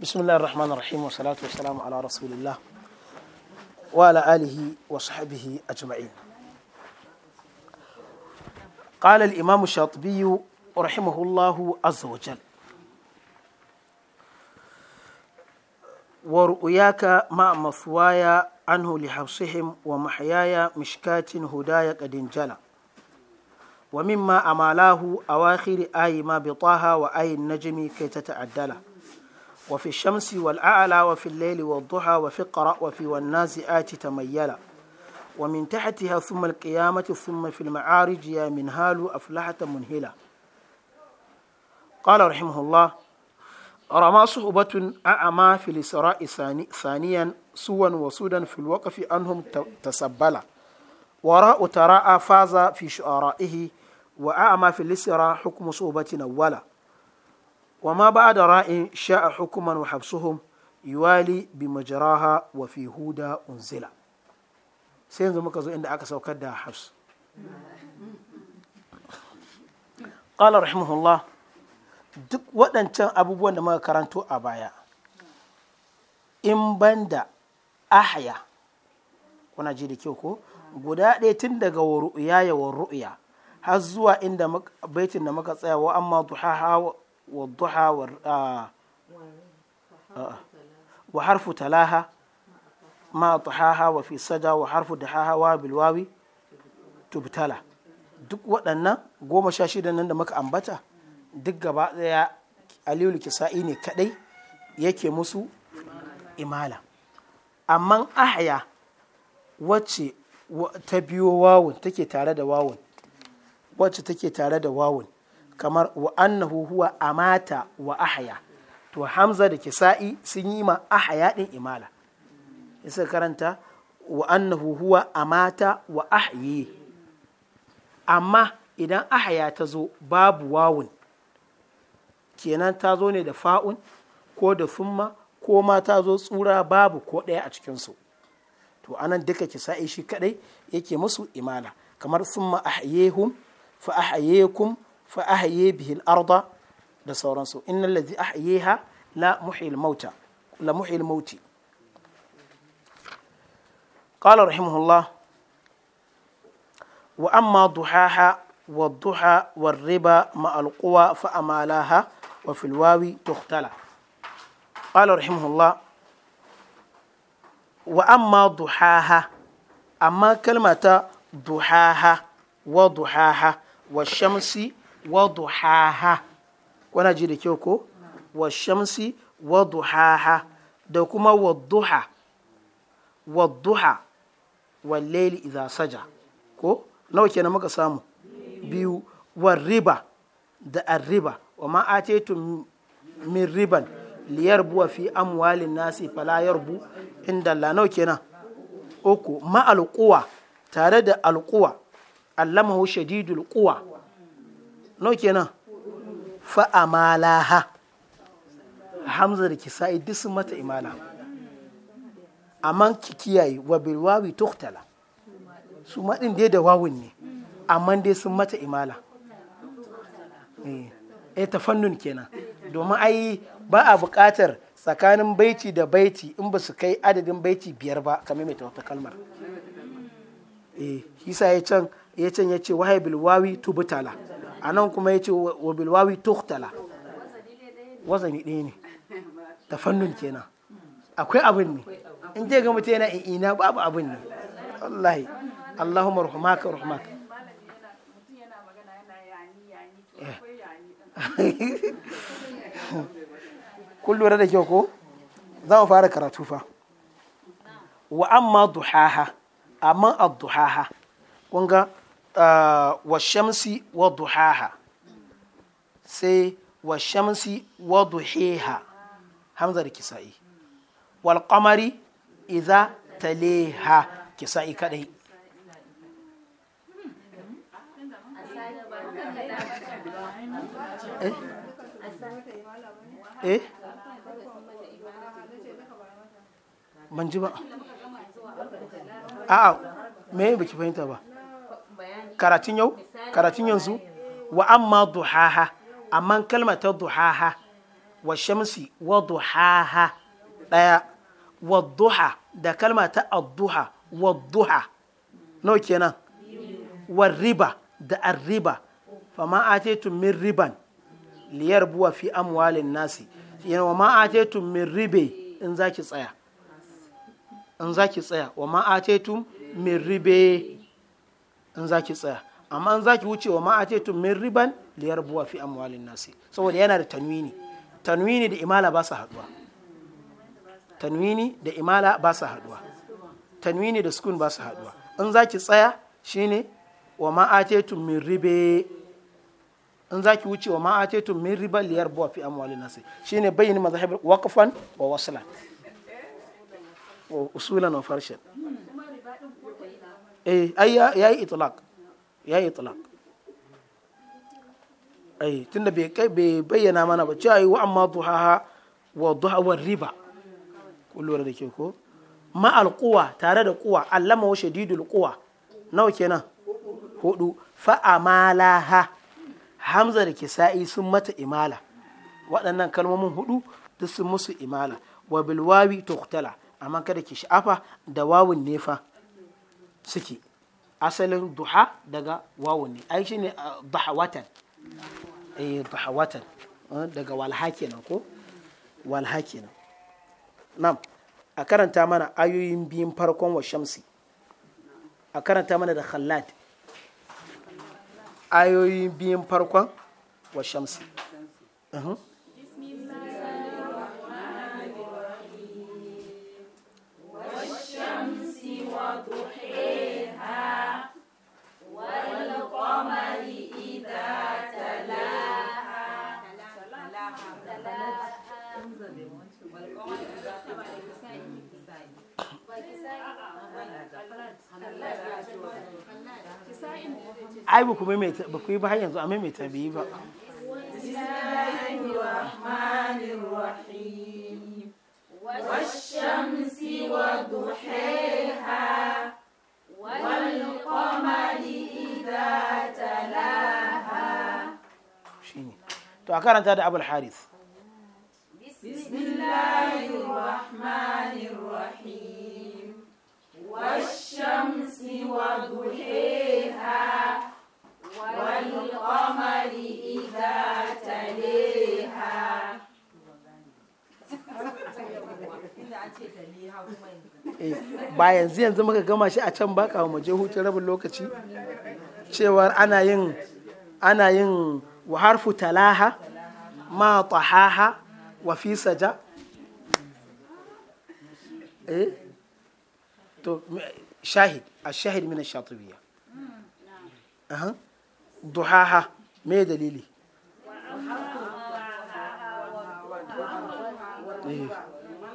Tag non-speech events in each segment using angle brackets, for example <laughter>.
بسم الله الرحمن الرحيم والصلاة والسلام على رسول الله وعلى آله وصحبه أجمعين قال الإمام الشاطبي رحمه الله عز وجل ورؤياك مع مثواي عنه لحفصهم ومحيايا مشكات هدايا قد انجلى ومما أمالاه أواخر آي ما بطاها وآي النجم كي تتعدله وفي الشمس والأعلى وفي الليل والضحى وفي القرأ وفي والنازئات تميلا ومن تحتها ثم القيامة ثم في المعارج يا منهال أفلحة منهلة قال رحمه الله رمى صحبة أعمى في الإسراء ثانيا سوا وسودا في الوقف أنهم تسبلا وراء تراءى فاز في شعرائه وأعمى في الإسراء حكم صحبة أولا وما بعد راء شاء حكما وحبسهم يوالي بمجراها وفي هودا unzila sai yanzu muka zo inda aka saukar da hafs rahimahullah duk waɗancan abubuwan da muka karanto a baya in banda ahya kuna ji da kyau ko guda ɗaya tun daga wa ru'ya ya wa ru'ya har zuwa inda baitin da muka tsaya wa amma duhaha والضحى وال وحرف تلاها ما طحاها وفي سجا وحرف دحاها واو وبالواو تبتلى duk waɗannan goma sha shida nan da muka ambata duk gaba ɗaya aliyu kisa'i ne kaɗai yake musu imala amma ahya wacce ta biyo wawun take tare da wawun wacce take tare da wawun kamar wa annahu huwa amata wa ahya to hamza da kisa'i sun yi ma ahaya din imala isa karanta wa annahu huwa amata wa ahyi amma idan ahaya ta zo babu wawun kenan ta zo ne da fa'un ko da summa ko ma ta zo tsura babu ko ɗaya a cikinsu to anan duka kisa'i shi kadai yake musu imala kamar summa ahyehum fa ahyekum فأحيي به الأرض دسورنس إن الذي أحييها لا محيي الموتى لا محيي الموتى قال رحمه الله وأما ضحاها والضحى والربا مع القوى فأمالاها وفي الواوي تختلى قال رحمه الله وأما ضحاها أما كلمة ضحاها وضحاها والشمس waduhaha duhaha ji da kyau ko wa shamsi ha da kuma waduha duha wa duha wa idza saja ko nawa kenan muka samu biyu wa riba da arriba wa ma ataytum min riban liyarbuwa fi amwalin nasi fala yarbu inda la nawa kenan uku ma alquwa tare da alquwa allamahu shadidul quwa no kenan fa amalaha hamza da kisa'i duk sun mata imala amma ki kiyaye wa bil wawi tuhtala su ma din dai da wawun ne amma dai sun mata imala eh, eh tafannun kenan domin ai ba a buƙatar tsakanin baiti da baiti in ba su kai adadin baiti biyar ba kamar mai wata kalmar eh hisa ya can ya can ya ce wahai bilwawi tubutala a nan kuma ya ce wa bilwawi tuktala wazani ɗaya ne ta fannun kenan akwai abin ne in je ga mutum yana ina babu abin ne wallahi allahumma rahmaka rahmaka <laughs> kun lura da kyau ko za mu fara karatu fa wa amma duhaha amma ad-duhaha kun ga wa shamsi wa duhaha sai wa shamsi wa duhaha hamza da kisa'i wal qamari idza taleha kisa'i kadai eh ban ji ba a'a me baki fahimta ba karatun yau karatun yanzu wa amma duhaha amma kalma ta duhaha wa shamsi wa duhaha daya wa duha da kalma ta adduha wa duha nawa kenan wa riba da arriba ma atetum min riban liyar buwa fi amwalin nasi yana wa ma atetum min ribe in zaki tsaya in zaki tsaya wa ma atetum min ribe in za ki tsaya amma in za ki wuce wa ma'atetun min riban liyar buwa fi amwalin nasi saboda yana da tanwini tanwini da imala ba su haduwa tanwini da imala ba su haduwa tanwini da sukun ba su haduwa in za ki tsaya shine wa ma'atetun min ribe in za ki wuce wa ma'atetun min riba liyar buwa fi amwalin nasi shine bayyana mazhabar waqfan wa waslan wa usulan wa farshan eh ai yayi itlaq yayi ai tunda bai bayyana mana ba cewa wa amma duhaha wa duha riba kullura da ke ko ma tare da quwa allama wa shadidul quwa nawa kenan hudu fa amalaha hamza da kisa'i sun mata imala waɗannan kalmomin hudu duk sun musu imala wa bilwawi tuktala amma kada ki sha'afa da wawun nefa suke asalin duha daga wawun ne ai shine uh, duhawatan eh duhawatan uh, daga walha kenan ko walha kenan nam a karanta mana ayoyin biyun farkon wa shamsi a karanta mana da khallad ayoyin biyun farkon wa shamsi uh-huh. ai ba ku maimaita ba ku yi ba yanzu a maimaita bai ba to a karanta da abul haris Bismillahirrahmanirrahim. Wasu shamsi wa duhe ha والقمر إذا تليها ba yanzu yanzu muka gama shi a can ba kawo mu je hutun rabin lokaci cewar ana yin ana yin wa harfu talaha ma tahaha wa fi saja eh to shahid a shahid min ash-shatibiyya aha duhaha me dalili eh,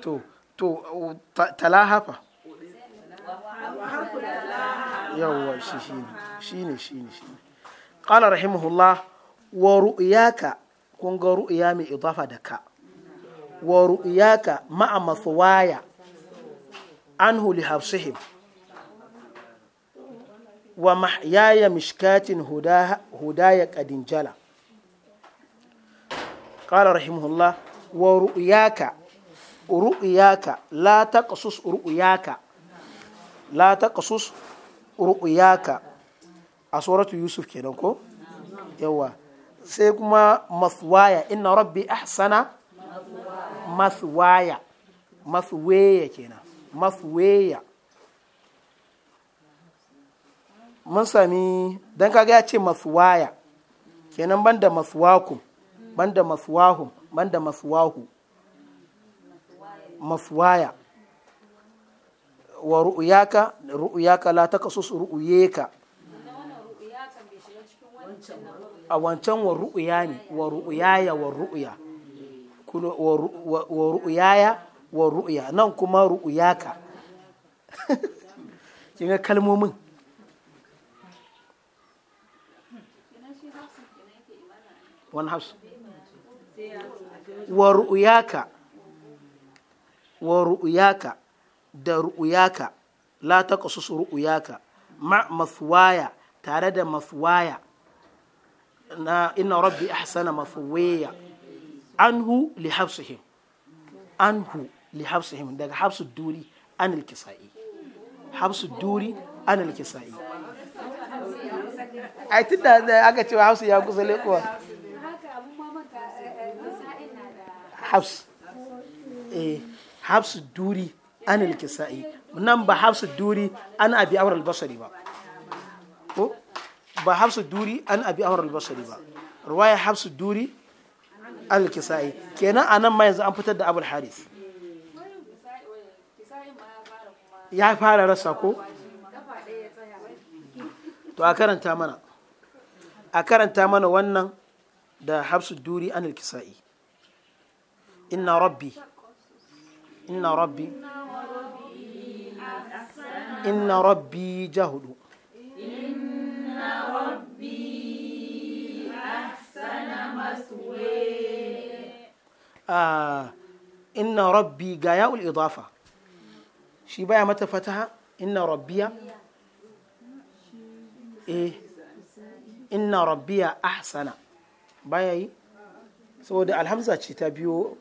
to to talaha fa yawwa shi shine shine shine shine qala rahimahullah wa ru'yaka kun ga ru'ya mai idafa da ka wa ru'yaka ma'a maswaya wa mahyaya mishkatin hudaya kadin jala rahimahullah wa ru'yaka ru'yaka la taqsus ru'yaka la taqsus ru'yaka a suratu yusuf ke ko yawa sai kuma mathwaya inna rabbi ahsana mathwaya mathwaya kenan mathwaya mun sami don kaga ya ce masuwaya kenan banda da banda ban da masuwahu masuwaya wa ru'uyaka ru'uyaka la ru'uye ru'uyeka a wancan wa ru'uya ne wa ru'uyaya wa ru'uya wa ru'uyaya wa ru'uya nan kuma ru'uyaka <laughs> kin ga kalmomin wani wa ru'uyaka wa ru'uyaka da ru'uyaka la ta ru'uyaka ma mathwaya tare da mathwaya na ina rabbi ahsana mathwaya anhu li hafsihim anhu li hafsihim daga hafsu duri an al-kisa'i hafsu duri an al-kisa'i ai tunda aka ce hafsu ya kusa lekuwa hafs eh hafs duri an al-kisa'i nan ba hafs duri an abi amr al-basri ba ko ba hafs duri an abi amr al-basri ba ruwaya hafs duri al-kisa'i kenan anan ma yanzu an fitar da abul haris ya fara rasa ko to a karanta mana a karanta mana wannan da hafsu duri an kisa'i inna rabbi inna rabbi inna rabbi ja ah, inna rabbi ahsana maswe inna rabbi ga ya'ul idafa shi baya mata fataha inna rabbiya eh inna rabbiya ahsana baya yi saboda alhamza ce ta biyo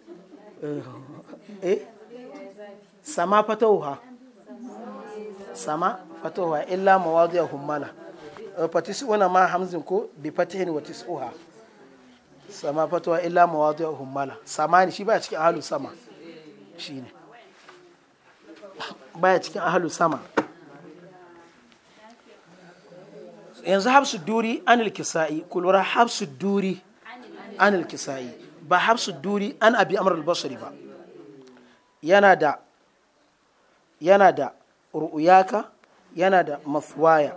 eh sama fatawha sama fatawha illa humala, hummala eh, wana ma hamzin ko bi fatihin wa tis'uha sama fatawha illa mawadi'a hummala sama ne shi ya cikin ahalu sama shine baya cikin ahalu sama yanzu habsu duri anil kisa'i kulura habsu duri anil kisa'i ba hafsu duri an abi amr al-basri ba yana da yana da ru'uyaka yana da maswaya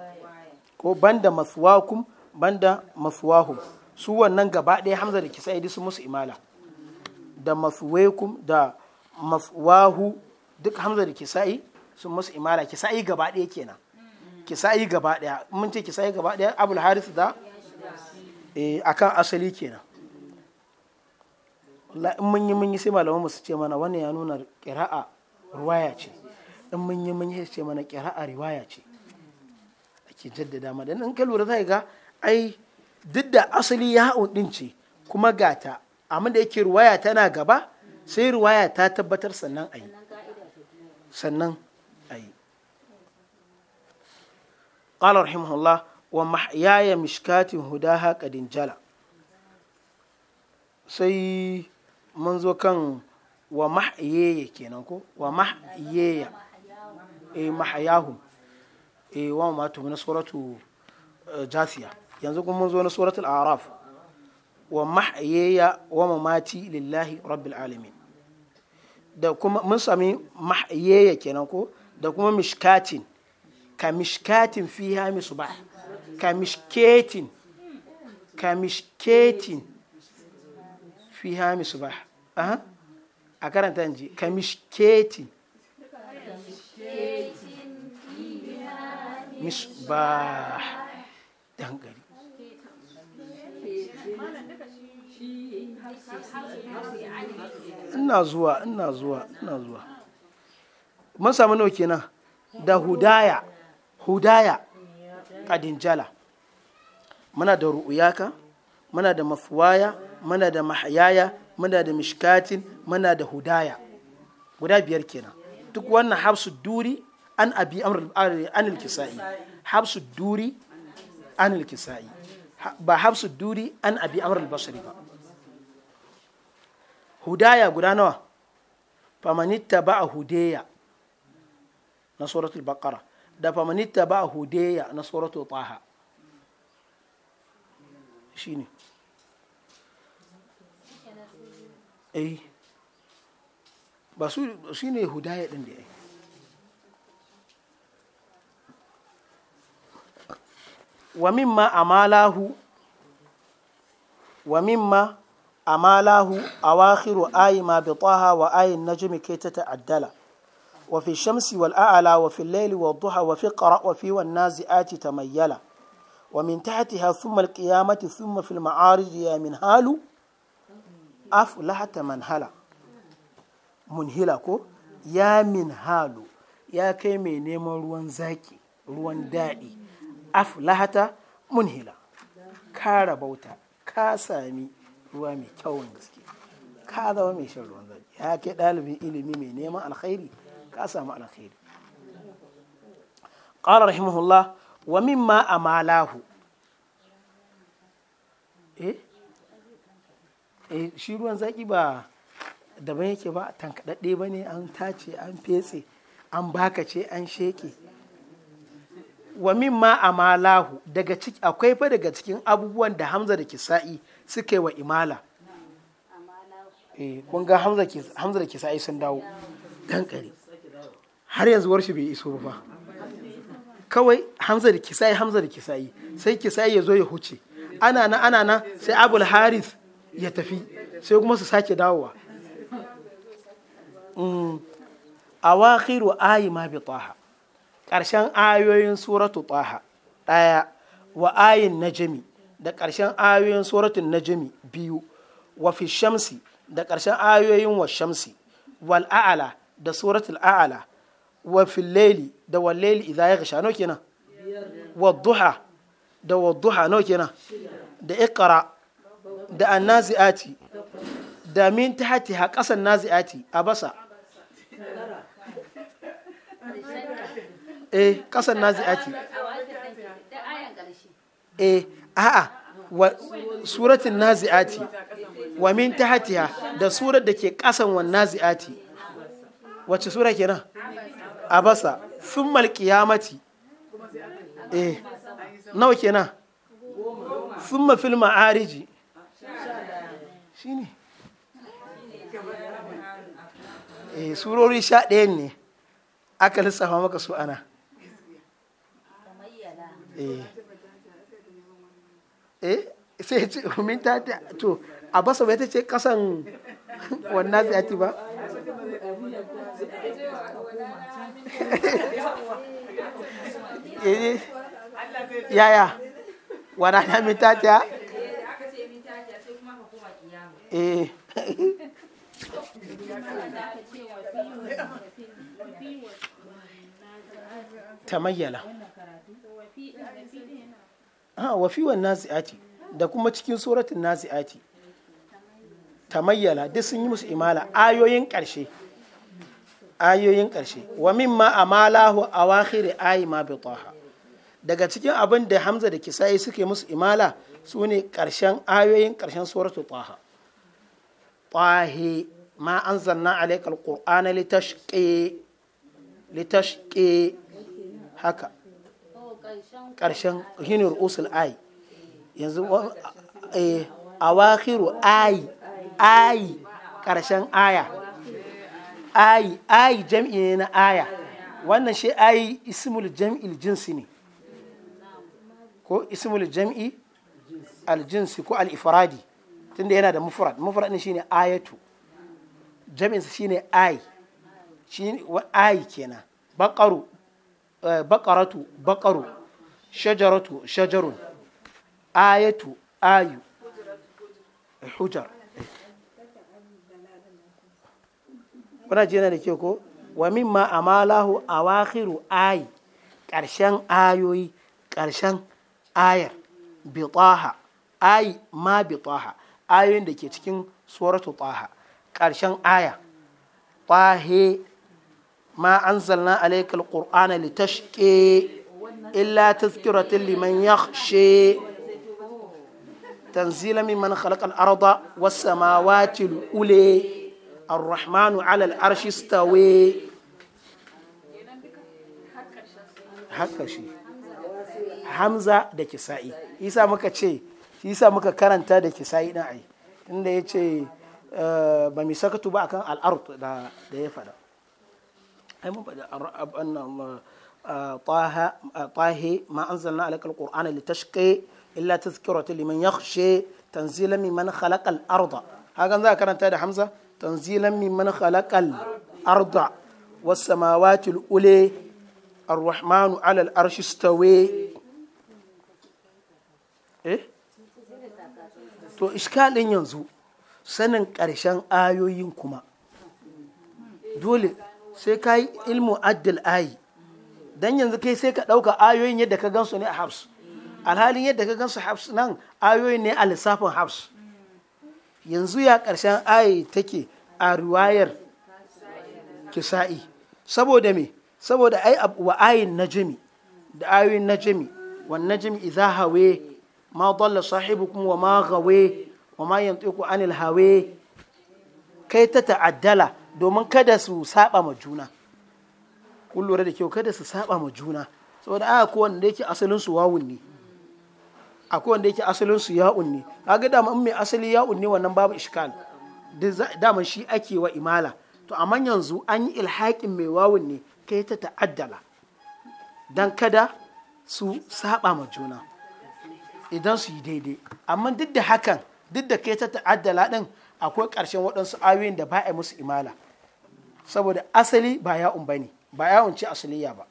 ko banda maswakum banda maswahum su wannan gaba ɗaya hamza da kisa'idi su musu imala da maswaikum da maswahu duk hamza da yi sun musu imala kisa yi gaba ɗaya kenan kisa yi gaba ɗaya mun ce kisa yi gaba ɗaya abul harith da eh, akan asali kenan in mun yi mun yi sai malaman mu su ce mana wannan ya nuna kiraa riwaya ce in mun yi mun yi sai ce mana qira'a riwaya ce ake jaddada ma dan in ka lura zai ga ai duk da asali ya haɗu ɗin ce kuma gata amma da yake riwaya tana gaba sai riwaya ta tabbatar sannan ayi sannan ayi قال rahimahullah wa mahyaya mishkatin hudaha قد jala. sai mun zo kan wa mahayaya kenan ko wa mahayaya eh mahayahu eh wa ma tu na suratu eh, jasiya yanzu kuma mun zo na suratul araf wa mahayaya wa mamati lillahi rabbil alamin da kuma mun sami mahayaya kenan ko da kuma mishkatin ka mishkatin fiha misbah ka mishkatin ka mishkatin fi ha misbah aha a karanta ji kamishketi misbah dangari ina zuwa ina zuwa ina zuwa mun samu nawa kenan da hudaya hudaya kadinjala muna da ru'uyaka muna da mafuwaya muna da mahayaya muna da mishkatin muna da hudaya guda biyar kenan duk wannan habsu duri an abi an kisa'i habsu duri an kisa'i ba habsu duri an abi amr al-basri ba hudaya guda nawa famanitta ba a hudaya na suratul baqara da famanitta ba a hudaya na suratul taha shine eh ba su shi ne hudaya ɗin da ya wa mimma amalahu wa mimma amalahu awakhiru ayi ma bi taha wa ayin najmi kai ta ta'addala wa fi shamsi wal aala wa fi waduha wa duha wa fi qara wa fi wan nazi'ati tamayyala ومن تحتها ثم qiyamati ثم في المعارج ya min halu. aflahata mun hila ko ya min halu ya kai mai neman ruwan zaki ruwan daɗi aflahata hila kara bauta ka sami ruwa mai kyawun gaske ka zama mai shan ruwan zaki ya kai ɗalibin ilimi mai neman alkhairi ka samu alkhairi qala rahimahullah wa mimma amalahu eh Eh, shi ruwan zaki ba daban yake ba tankaɗaɗɗe ba ne an tace an fetse an baka ce an sheke wa min ma amalahu daga ciki akwai fa daga cikin abubuwan da hamza da kisa'i suka yi wa imala eh kun ga hamza da kisa'i sun dawo dan kare har yanzu warshi bai iso ba kawai hamza da kisa'i hamza da kisa'i sai kisa'i ya zo ya huce ana na ana na sai abul harith ya tafi sai kuma su sake dawowa mm. a wakiru ayi ma bi taha ƙarshen ayoyin suratu taha ɗaya wa ayin najami da ƙarshen ayoyin suratun najami biyu wa fi shamsi da ƙarshen ayoyin wa shamsi wal a'ala da suratul a'ala wa fi laili da wal laili idza yaghsha no kenan wa duha da wa duha no kenan da iqra da annazi'ati da min ta hati ha ƙasan nazi'ati a basa eh ƙasan nazi'ati eh a'a suratin nazi'ati wa min ta tahtiha da surat da ke ƙasan wan nazi'ati wacce sura kenan abasa ya mati, eh nawa kenan thumma fil ma'ariji shi ne eh surori sha ɗaya ne aka lissafa maka su ana eh eh sai ce min ta to a basa bai ta ce kasan <laughs> wannan zai ati ba <laughs> eh, yaya wadana min ta ta eh tamayyala ha ah, wafi wan nazi'ati da kuma cikin suratul nazi'ati tamayyala duk sun yi musu imala ayoyin ƙarshe ayoyin ƙarshe wa mimma amalahu awakhir ayi ma bi taha daga cikin abin da Hamza da Kisa'i suke musu imala su ne ƙarshen ayoyin ƙarshen suratul taha طه ما أنزلنا عليك القرآن لتشقي لتشقي haka ƙarshen hinin usul ai yanzu wakiru ai ai ƙarshen aya ai ai jam'i ne na aya wannan shi ai ismul jam'il jinsi ne ko ismul jam'i aljinsi ko al'ifradi tunda yana da mufrad mufrad ne shine ayatu sa shine ay shine ay kenan baqaru eh, baqaratu baqaru shajaratu shajarun ayatu ayu hujar kuna ji yana da ke ko wa mimma amalahu awakhiru ay karshen ayoyi karshen ayar bitaha ay ma bitaha ayoyin da ke cikin suratu taha ƙarshen aya tahe ma anzalna alaikal qur'ana litashqi illa tazkiratan liman yakhshi tanzila mimman khalaqa al-arda was samawati al-ula الرحمن على العرش استوي haka shi hamza da kisa'i isa muka ce shi yasa muka karanta da kisai na ai tunda ya ce eh, ba mi sakatu ba akan al'arut da ya fada ai mun faɗa طه ما أنزلنا عليك القرآن لتشقي إلا تذكرة لمن يخشى تنزيلا ممن خلق الأرض هكذا كانت هذا حمزة تنزيلا ممن خلق الأرض والسماوات الأولى الرحمن على الأرش استوي إيه to iskalin yanzu sanin ƙarshen ayoyin kuma dole sai ka yi ilmu addil ayi don yanzu kai sai ka ɗauka ayoyin yadda ka gansu ne a habs alhalin yadda ka gansu habs nan ayoyin ne a lissafin habs yanzu ya ƙarshen ayi take a riwayar kisa'i saboda me saboda ai wa ayin najimi, da ayoyin najimi wannan najimi iza hawe ma dalla sahibukum wa ma gawe wa ma yantiku anil hawe kai ta ta'addala domin kada su saba ma juna kun da kyau kada su saba ma juna saboda aka ko wanda yake asalin su wawun ne ko wanda yake asalin su ya'un ne kaga da mun mai asali ya'un ne wannan babu iskal dama shi ake wa imala to amma yanzu an yi ilhaqin mai wawun ne kai ta ta'addala dan kada su saba ma juna idan su yi daidai amma duk da hakan duk da kai ta ta'addala din akwai ƙarshen waɗansu ayoyin da ba a musu imala saboda asali ba ya'un bane ba ya'un ce asaliya ba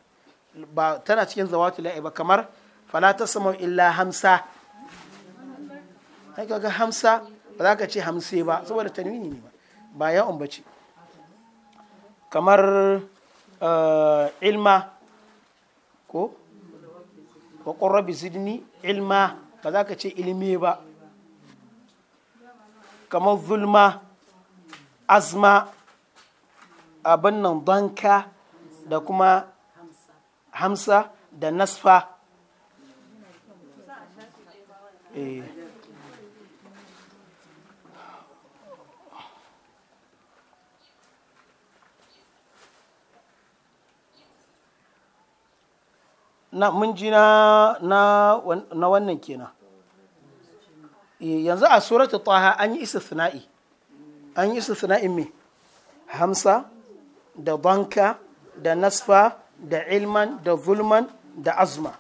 ba tana cikin zawatu la'i ba kamar fala sama illa hamsa ga hamsa ba za ka ce hamse ba saboda tanwini ne ba ba ya'un bace kamar eh, ilma ko wa qurrabi zidni ilma ba za ka ce ilimi ba kamar zulma azma abin nan banka da kuma hamsa da nasfa eh. na mun ji na na wannan kenan eh, yanzu a suratu taha an yi istithna'i an yi istithna'i me hamsa da banka da nasfa da ilman da zulman da azma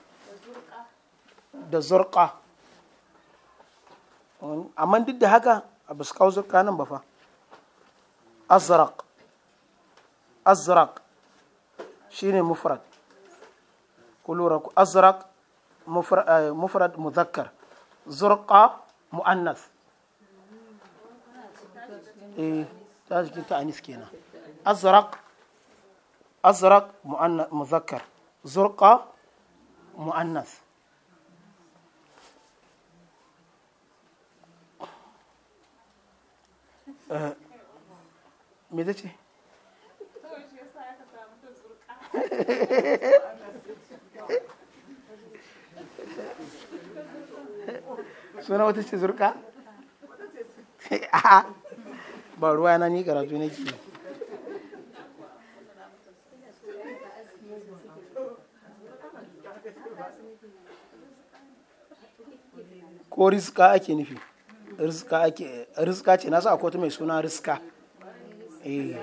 da zurqa amma duk da haka a basu kawo zurqa nan ba fa azraq azraq shine mufrad كلورك أزرق آه، مفرد مذكر زرقاء مؤنث إيه تاج كنت كينا أزرق أزرق مؤنث مذكر زرقاء مؤنث آه، ميدتي <laughs> <laughs> suna wata ce zurka? <laughs> ba ruwa na ni karatu nake ko riska ake nufi riska riska ce nasu akwai mai suna riska eh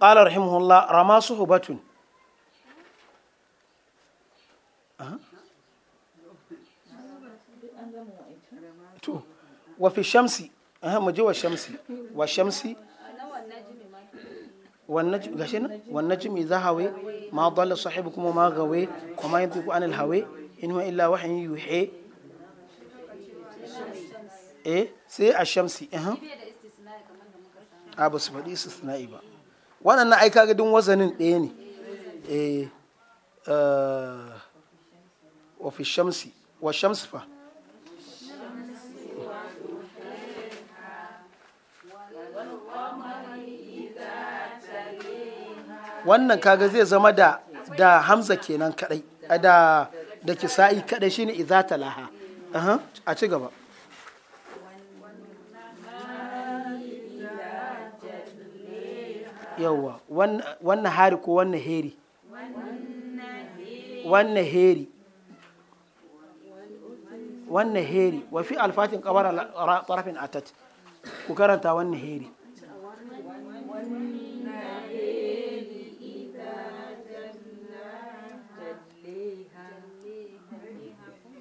قال رحمه الله رمى صحبة أه؟ وفي الشمس أهم جوا الشمس والشمس والنجم غشنا والنجم إذا هوي ما ضل صاحبكم وما غوي وما ينطق عن الهوي إن هو إلا وحي يوحي إيه sai a shamsi ehem a ba su faɗi sana'i ba waɗannan na aika dun wazanin ɗaya ne a eh, eh, wa shamsi wa shamsi fa wannan kaga zai zama da da hamza kenan kadai da da kisa'i kadai shine izata laha a ci gaba yawwa wannan hari ko wannan heri wannan heri wannan heri wafi alfatin kawar tarafin atat ku karanta wannan heri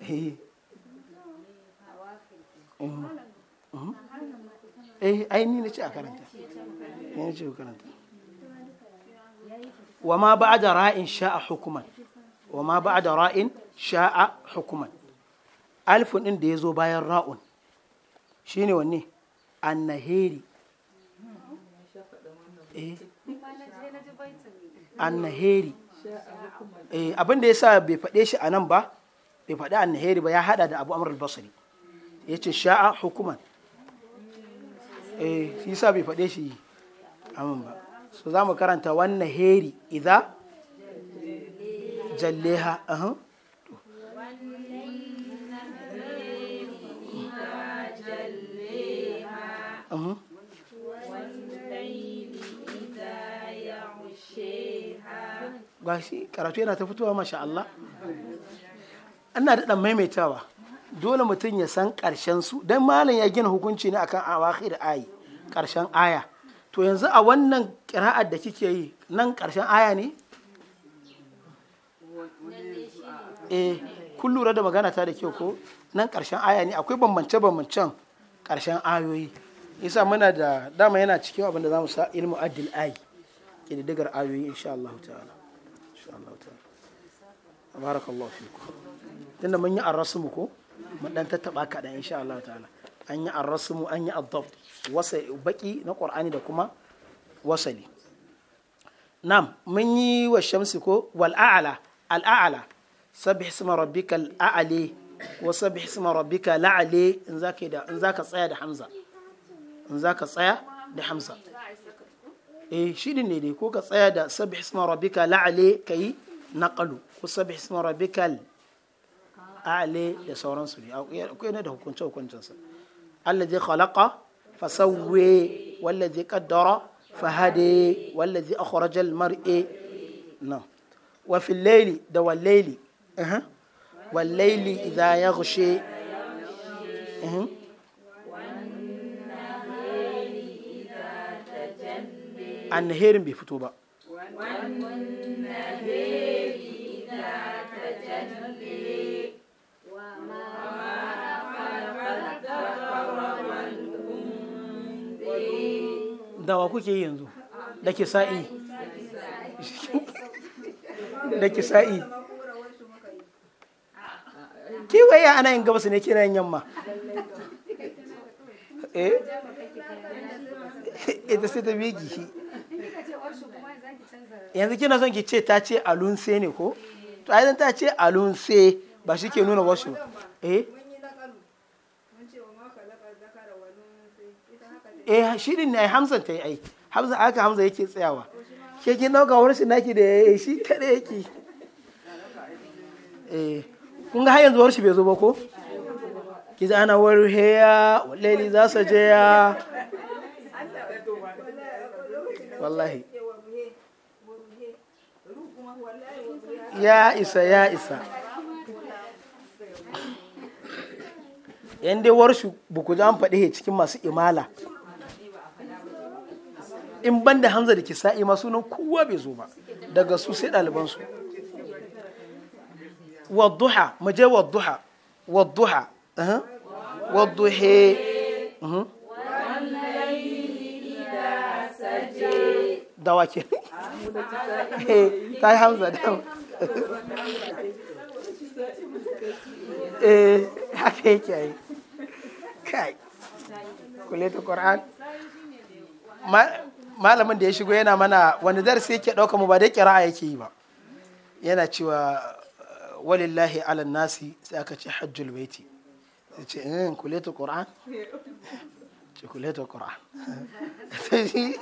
eh. Mm. Mm. Eh, na ce a karanta na ce a karanta wa ma ba'da ra'in sha'a hukuman wa ma ba'da da ya zo bayan ra'un shine wanne annaheri eh. eh, abin da yasa bai faɗe shi a nan ba bai faɗi annaheri ba ya hada da Abu Amr al-Basri yace sha'a hukuman eh, bai faɗe ba so za mu karanta wannan heri idan jalleha karatu yana ta fitowa masha Allah ana ɗan maimaitawa dole mutum ya san ƙarshen su don malam ya gina hukunci ne akan awakhir ayi ƙarshen aya to yanzu a wannan kira'ar da kike yi nan ƙarshen aya ne eh kun lura da magana ta da kyau ko nan ƙarshen aya ne akwai bambance-bambancen ƙarshen ayoyi isa muna da dama yana cikin abin da za mu sa ilmu adil ayi ƙididdigar ayoyi insha Allah ta'ala insha Allah ta'ala barakallahu fiku tunda mun yi mu ko mun dan tattaba kaɗan insha Allah ta'ala an yi mu an yi adabt baki na ƙur'ani da kuma wasali nam mun yi wa shamsi ko wal a'ala al a'ala sabbih isma rabbika al a'ali wa sabbih isma rabbika la'ali in zaka da in zaka tsaya da hamza in zaka tsaya da hamza eh shidin din ne dai ko ka tsaya da sabbih isma rabbika la'ali kai naqalu ko sabbih sama rabbika al a'ali da sauransu akwai ne da hukunce hukuncinsa allazi khalaqa فسوي والذي قدر فهدي والذي أخرج المرء نعم وفي الليل دو الليل أه. والليل إذا يغشي أه. النهير بفتو با والنهير إذا تجلي dawa kuke yanzu da sa'i da sa'i kewaye ana yin gabas ne kina yin yamma eh <laughs> ita sai ta bigi yanzu kina son ki ce ta ce alunse ne ko to idan ta ce alunse ba shi ke nuna wasu eh Eh, shirin shi din ne hamzan ta yi ai hamza aka hamza yake tsayawa ke kin dauka harshen naki da yayi shi kada yake eh kun ga har yanzu warshi bai zo ba ko ki za ana war heya laili za su je ya wallahi ya isa ya isa yan dai warshu buku an faɗi cikin masu imala in ban da hamza da kisa'i ma sunan kowa bai zo ba daga su sai ɗalibansu wadduha mu wadduha wadduha uh-huh. wadduhe uh-huh. dawa ke <laughs> ta yi hamza da <laughs> eh haka yake yi kai kule ta ƙoran malamin da ya shigo yana mana wani darasi yake ɗauka mu ba dai kira yake yi ba yana cewa walillahi ala nasi sai aka ce hajjul baiti sai ce in eh, kuleta qur'an <laughs> ce kuleta qur'an <laughs>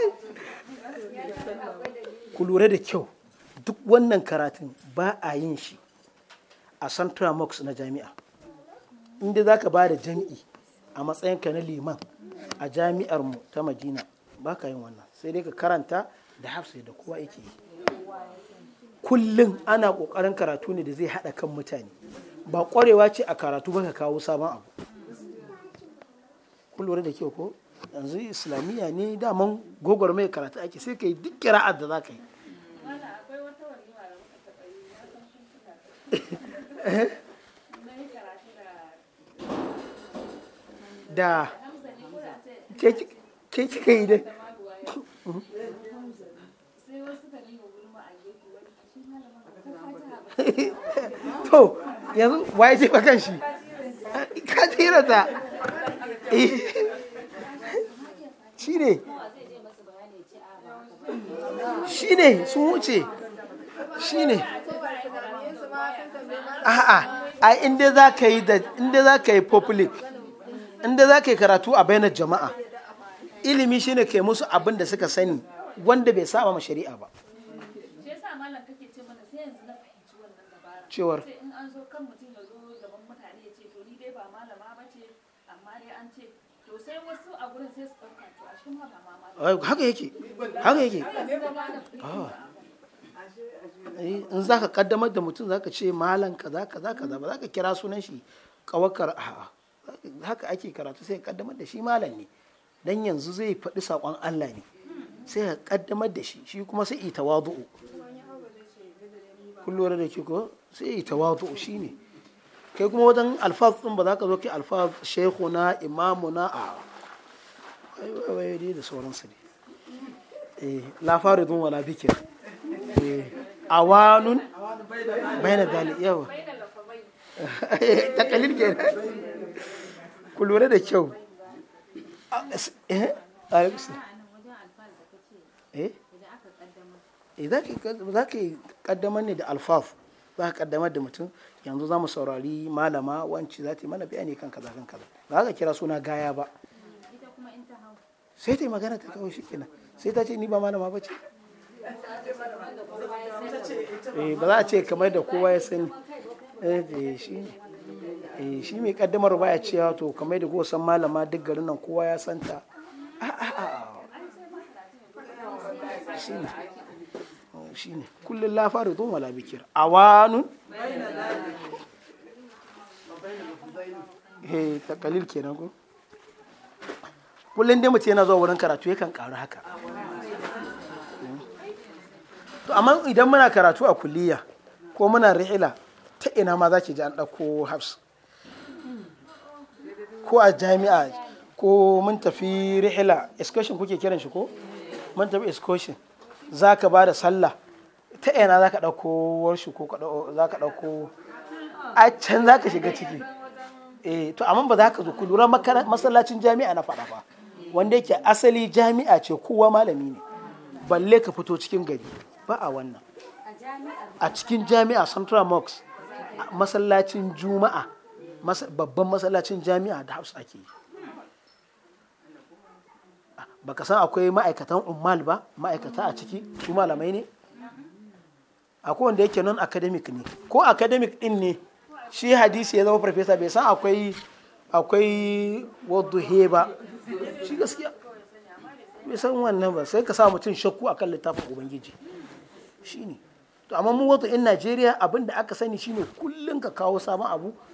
ku lura da kyau duk wannan karatun ba a yin shi a central mox na jami'a inda zaka ba da jami'i a matsayinka na liman a jami'ar mu ta madina ba ka yin wannan sai dai ka karanta da hafsa da kowa yake yi kullum ana ƙoƙarin karatu ne da zai haɗa kan mutane ba ƙwarewa ce a karatu ba ka kawo sabon abu kun da kyau ko yanzu islamiyya ne daman gogor mai karatu ake sai ka yi duk kira'ar da za ka yi <laughs> da ke kika yi dai <laughs> to yanzu waye ce kan shi ka tira ta eh. shi ne shi ne sun wuce shi ne a'a a inda za ka yi public inda za ka yi karatu a bainar jama'a ilimi shine ke musu abin da suka sani wanda bai saba ma shari'a ba cewar haka yake haka yake in za ka kaddamar da mutum za ka ce malan kaza kaza kaza ba za ka kira sunan shi kawakar haka ake karatu sai kaddamar da shi malam ne dan yanzu zai faɗi saƙon Allah ne sai ka kaddamar da shi shi kuma sai ita wadu'u kun lura da ke ko sai ita wadu'u shi ne kai kuma wajen alfaz ɗin ba za ka zo ki alfaz shehu na imamu na a wai dai da sauransu ne eh la faridun wala bikir eh awanun bayna dalik yawa <laughs> eh, takalil kenan ku lura da kyau Ah, eh, eh, eh? za kaddamar ne da alfaf za ka kaddamar da mutum yanzu za mu saurari malama wanci za ta yi mana kan kaza kan kaza ba za ka kira suna gaya ba mm, sai ta yi magana ta sai ta ni ba malama ba ce a ce kamar da kowa ya sani eh shi mai kaddamar baya cewa to kamar da gosan malama duk garin nan kowa ya santa shi ne kullum lafari don wala bikir awanun he eh, ta kalil kenan ko kullum dai mace yana zuwa wurin karatu yakan karu haka to amma idan muna karatu a kulliya ko muna ri'ila ta ina ma za ki ji an ɗauko hafs ko a jami'a ko mun tafi rihila excursion kuke kiran shi ko mun tafi excursion za ka ba da sallah ta yana za ka ɗauko warshi ko za ka ɗauko a can za ka shiga ciki eh to amma ba za ka zo ku lura masallacin jami'a na faɗa ba wanda yake asali jami'a ce kowa malami ne balle ka fito cikin gari ba a wannan a cikin jami'a central mosque masallacin juma'a babban masallacin jami'a da house ake yi baka san akwai ma'aikatan ummal ba ma'aikata a ciki su malamai ne akwai wanda yake nan academic ne ko academic din ne shi hadisi ya zama farfesa bai san akwai akwai he ba shi gaskiya bai san wannan ba sai ka sa mutum shakku akan littafin ubangiji shine to amma mu wato in Najeriya abin da aka sani shi shine kullum ka kawo sabon abu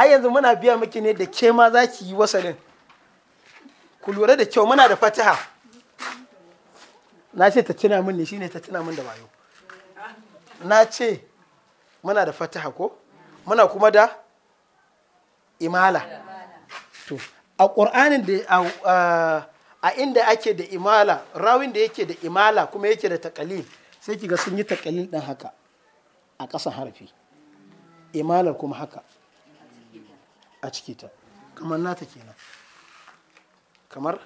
ai yanzu muna biya miki ne da ke ma za ki yi wasalin ku lura da kyau muna da fatiha na ce ta tuna min ne shine ta tuna min da wayo na ce muna da fatiha ko muna kuma da imala to a ƙur'anin da a inda ake da imala rawin da yake da imala kuma yake da takalil sai kiga sun yi takalil ɗin haka a ƙasan harfi imalar kuma haka a ciki ta kamar nata kenan kamar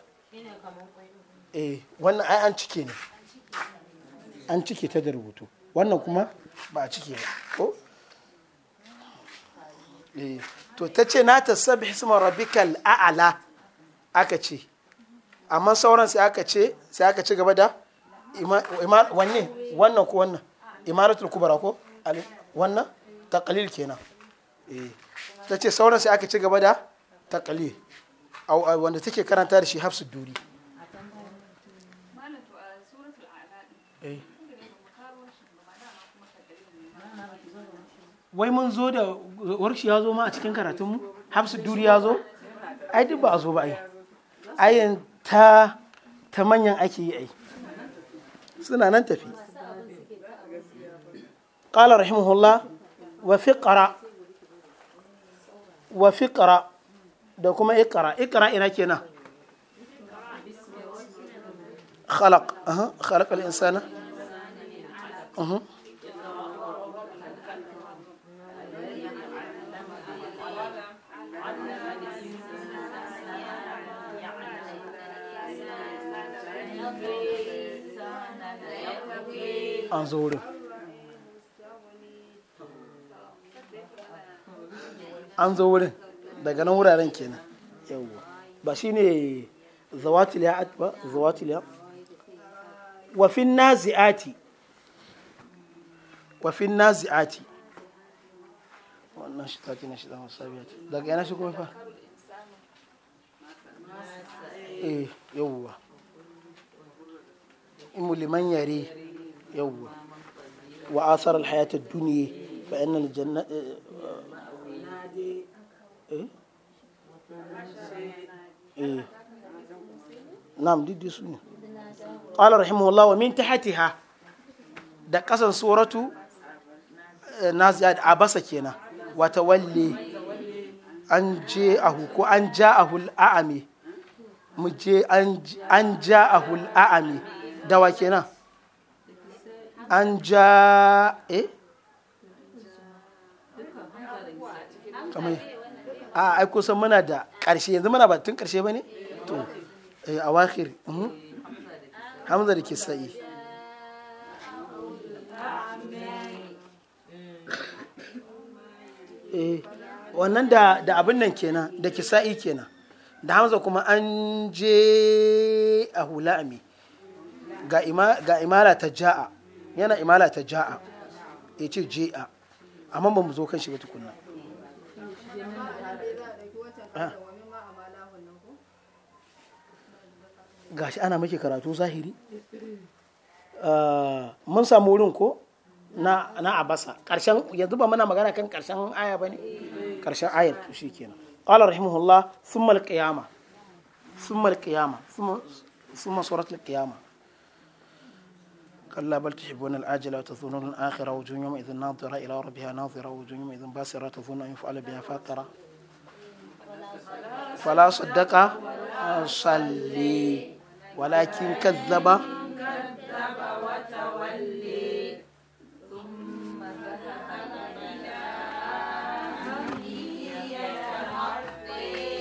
eh wannan ai an cike ne an cike ta da rubutu wannan kuma ba a cike ba ko eh to ta ce na ta sabi hisman rabikal a'ala aka ce amma sauran sai aka ce sai aka ci gaba da wanne wannan ko wannan imaratul kubra ko wannan takalil kenan eh ta ce sauran sai aka ci gaba da taƙali wanda take karanta da shi hafsu duri eh. wai mun zo da warshi ya zo ma a cikin karatunmu hafsu duri ya zo ai duk ba a zo ba ai ayin ta manyan ake yi ai suna nan tafi qala rahimahullah wa fiqra wa fiƙara da kuma ikara ikara ina kenan khalaq khalaq al-insana an zo wurin an zo wurin daga nan wuraren kenan yawwa ba shine ne zawatiliyat ba zawatiliyat wafin nazi'ati wafin nazi'ati wannan shi na shida masu sabiyati daga yana shi kuma fa eh yawwa imu liman yare yawwa wa asar alhayatar duniya fa'in aljanna eh, je eh eh na'am didi su ne qala rahimahullah wa min tahtiha da kasan suratu eh, naziat abasa kenan wa tawalli an je ahu ko an ja mu je an ja ahul a'ami dawa kenan an ja eh kamar a ai kusan muna da karshe yanzu muna ba tun karshe bane to a eh, awakhir mhm. hamza da ke eh wannan da da abin nan kenan da sa'i kenan da hamza kuma an je a hula ami ga imala ta ja'a yana imala ta ja'a ya ce ja'a amma ba mu zo kan shi ba tukunna Ah. gashi ana muke karatu zahiri ah, mun samu wurin ko na abasa ƙarshen yanzu ba muna magana kan karshen aya ba ne karshen ayar to shi kenan qala rahimahullah thumma al-qiyama thumma al-qiyama thumma surat fala saddaka salli walakin kazzaba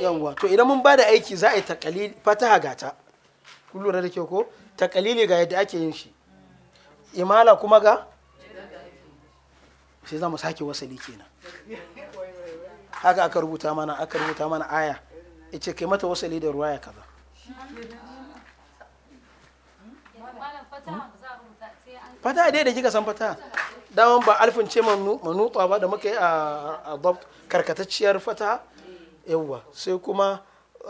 yawwa to idan mun bada aiki za a yi takalili fataha gata kun da kyau ko takalili ga yadda ake yin shi imala kuma ga sai za mu sake wasali kenan haka aka rubuta mana aka rubuta mana aya ice kai mata wasali da ruwaya kaza fata dai da kika san fata dawon ba alfin ce manuta ba da muka yi a karkatacciyar fata yauwa sai kuma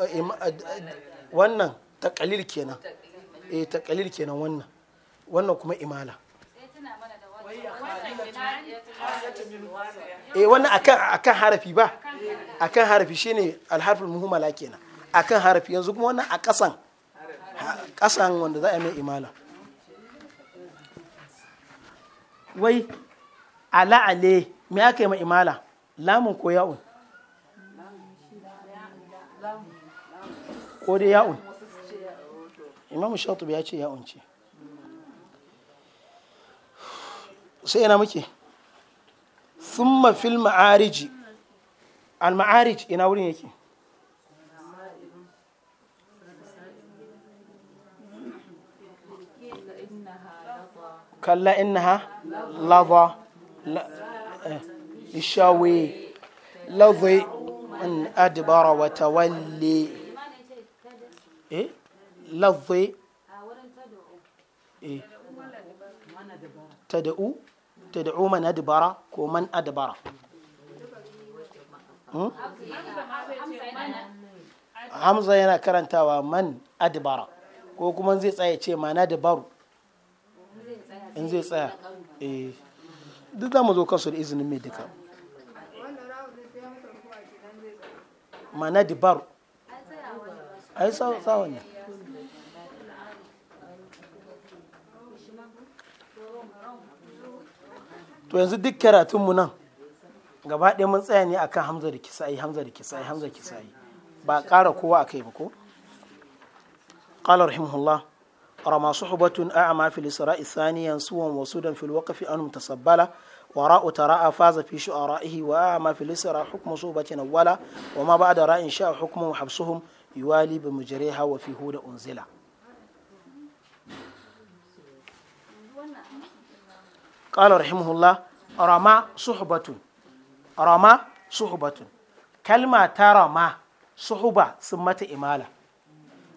eh, eh, wannan takalil kenan eh, takalil kenan wannan wannan kuma imala eh wannan akan akan harafi ba akan harafi shine alharful muhimmala kenan akan harafi yanzu kuma wannan a kasan kasan wanda za a mai imala wai ala ale me aka yi ma imala lamun ko ya'un ko dai ya'un imamu shatubi ya ce ya'un ce sai ina muke thumma fil ma'ariji al ma'arij ina wurin yake kalla innaha lava eh, lishawi lavi an adbara wa tawalli eh lavi eh tad'u tad'u man adbara ko man adbara hamza yana karantawa man adbara ko kuma zai tsaya ce mana da baru in zai tsaya eh duk da mu zo kasu da izinin mai duka mana da baru a yi tsawon To yanzu duk mu nan gaba ɗaya mun tsaya ne akan hamza da kisa'i hamza a kisa'i hamza da kisa'i ba ƙara kowa a kai ba ko? Ƙalar himhullah ƙara masu hubatun a ma fil isra'i saniyan suwan wasu dan fil waƙafi anum tasabbala wa ra'u tara'a faza fi shu'ara'ihi wa a ma fil isra'i hukmu su bace na wa ma ba da ra'in sha hukmu habsuhum yuwali bi mujriha wa fi huda unzila qala rahimahullah rama suhbatun rama suhbatun kalma ta rama suhuba sun mata imala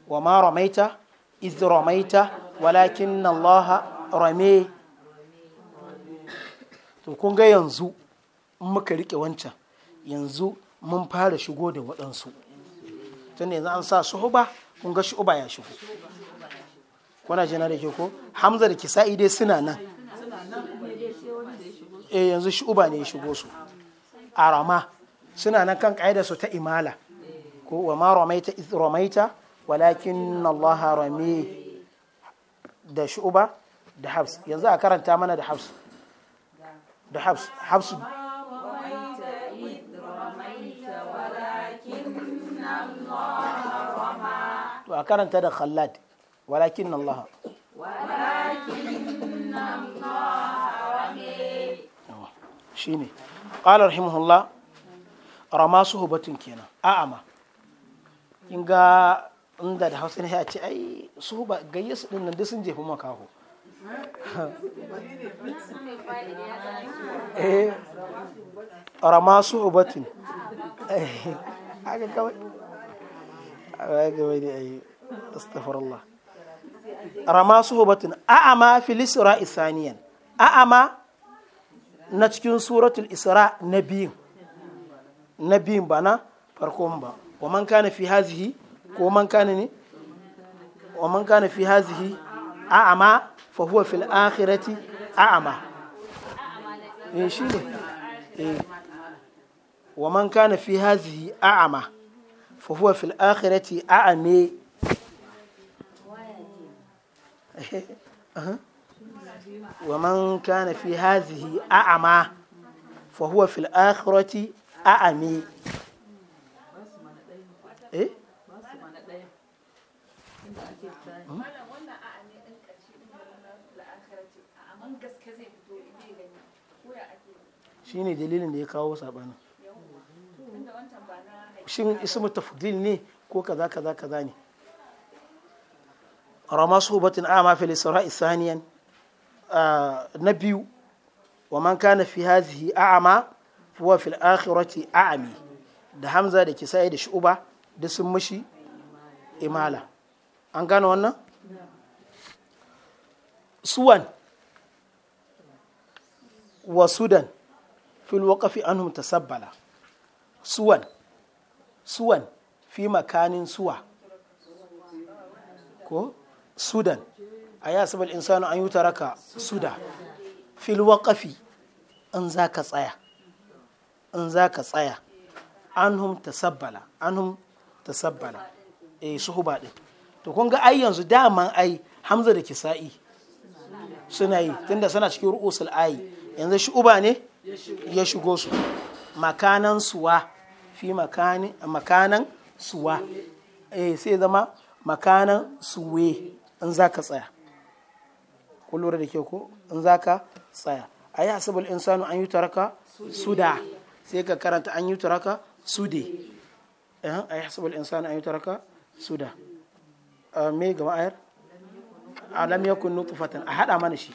wa ma ramaita iz ramaita walakin Allah rame to kun ga yanzu in muka rike wancan yanzu mun fara shigo da waɗansu tun yanzu an sa suhuba kun ga shu'uba ya shigo kuna jina da ke ko hamza da kisa'i dai suna nan eh yanzu shu'uba ne ya shigo su a rama suna nan kan ƙa'ida su ta imala ko wa ma ramaita iz ramaita walakin Allah rami da shuba da habs yanzu a karanta mana da habs da habs habs to a karanta da khallad walakin Allah walakin shine qala rahimahullah rama suhubatun kenan a'ama in ga inda da hausa ne a ce ai suhuba gayya su din nan duk sun jefi makaho eh rama suhubatun eh, haka kawai haka a'a ne rama a'ama a'ama na cikin suratul isra na biyun na biyun ba na farkon ba wa man kana fi hazihi ko man kana ne wa man kana fi hazihi a'ama fa huwa fil akhirati a'ama eh shi ne eh wa man kana fi hazihi a'ama fa huwa fil akhirati a'ame uh <laughs> wa man kana fi hazihi a'ama fa huwa fil akhirati shi ne dalilin da ya kawo sabanin shin ismu tafdil ne ko kaza kaza kaza ne rama suhbatin a'ma fil isra'i na biyu wa man kana fi hazihi a'ama huwa fil akhirati a'ami da hamza da kisai da shu'uba da sun mushi imala an gane wannan suwan wa sudan fil waqafi anhum tasabbala suwan suwan fi makanin suwa ko sudan a ya sabal insanu an yuta raka suda fil waqafi in za ka tsaya in za ka tsaya anhum tasabbala anhum tasabbala eh suhuba din to kun ga ai yanzu daman ai hamza da kisa'i suna yi tunda suna cikin ru'usul ayi yanzu shi uba ne ya shigo su makanan suwa fi makanan suwa eh, sai zama makanan suwe in za ka tsaya kun lura da ke ko in za ka tsaya a yi hasabul insanu an yi taraka suda sai ka karanta an yi taraka sude eh, a yi hasabul insanu an yi taraka suda ayar alam a hada mana shi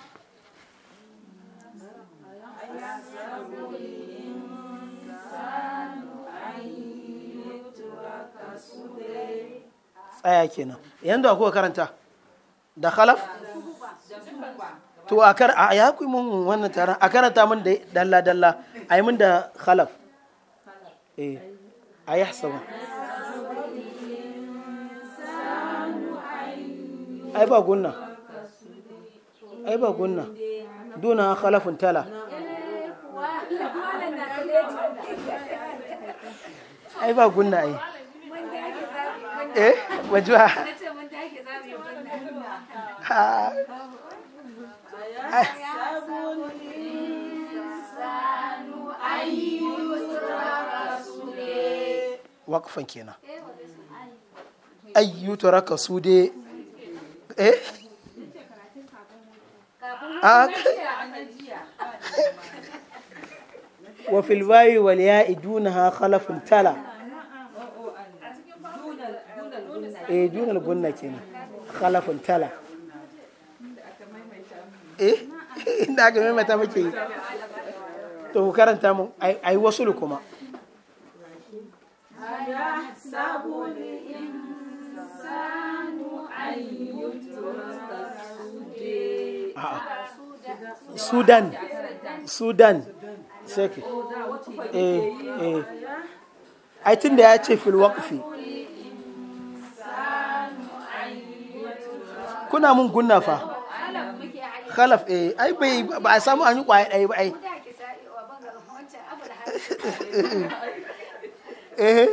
tsaya kenan yanda kuka karanta da khalaf to a kar a ya ku mun wannan taron a karanta mun da dalla dalla a yi min da khalaf eh a yi hasaba ai ba gunna ai ba gunna duna khalafun tala ai ba gunna ai eh wajuwa ha Wakufan kenan. Ayyu taraka su de eh? Ah, <laughs> wa ya iduna ha khalafun tala. A cikin farko dunal gunna tala. eh <laughs> inda aka maimaita muke yi to ku karanta mu ai wasu kuma sudan sudan sake eh eh ai tun da ya ce fil waqfi kuna mun gunna fa khalaf eh ai bai ba a samu an yi kwaye ɗaya ba ai <laughs> eh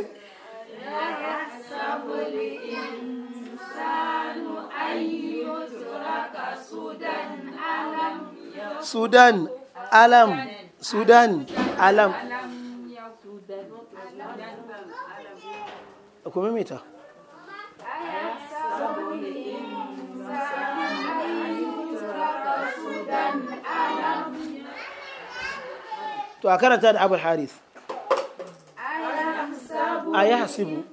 sudan alam sudan alam akwai mimita to a karanta da abul haris a ya hasibu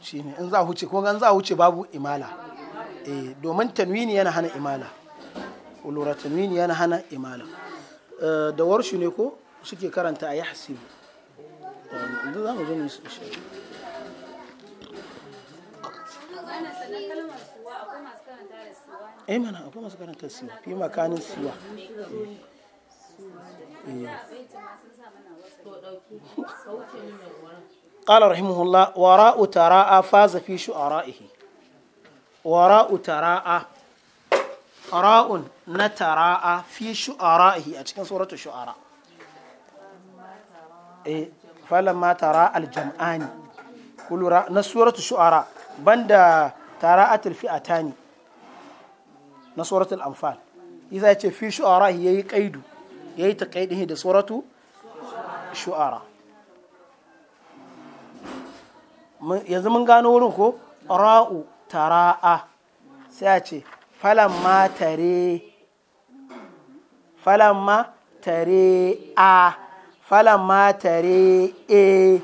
shi ne in za huce ko gan za huce babu imala eh domin tanwini yana hana imala ulura tanwini yana hana imala eh, da warshi ne ko suke karanta a yahsibu da za mu zo mu shi eh mana akwai masu karanta siwa fi makanin siwa قال رحمه الله وراء تراءى فاز في شعرائه وراء تراءى راء نتراءى في شعرائه أتكن سورة الشعراء إيه ma tara aljam'ani kulura na suratu shu'ara banda a tani na suratul anfal isa ya ce fi shu'ara ya yi ya yi ta taqaidihi da suratu shu'ara yanzu mun gano wurin ko ra'u tara'a sai a ce ma tare ma tare a falamma tare e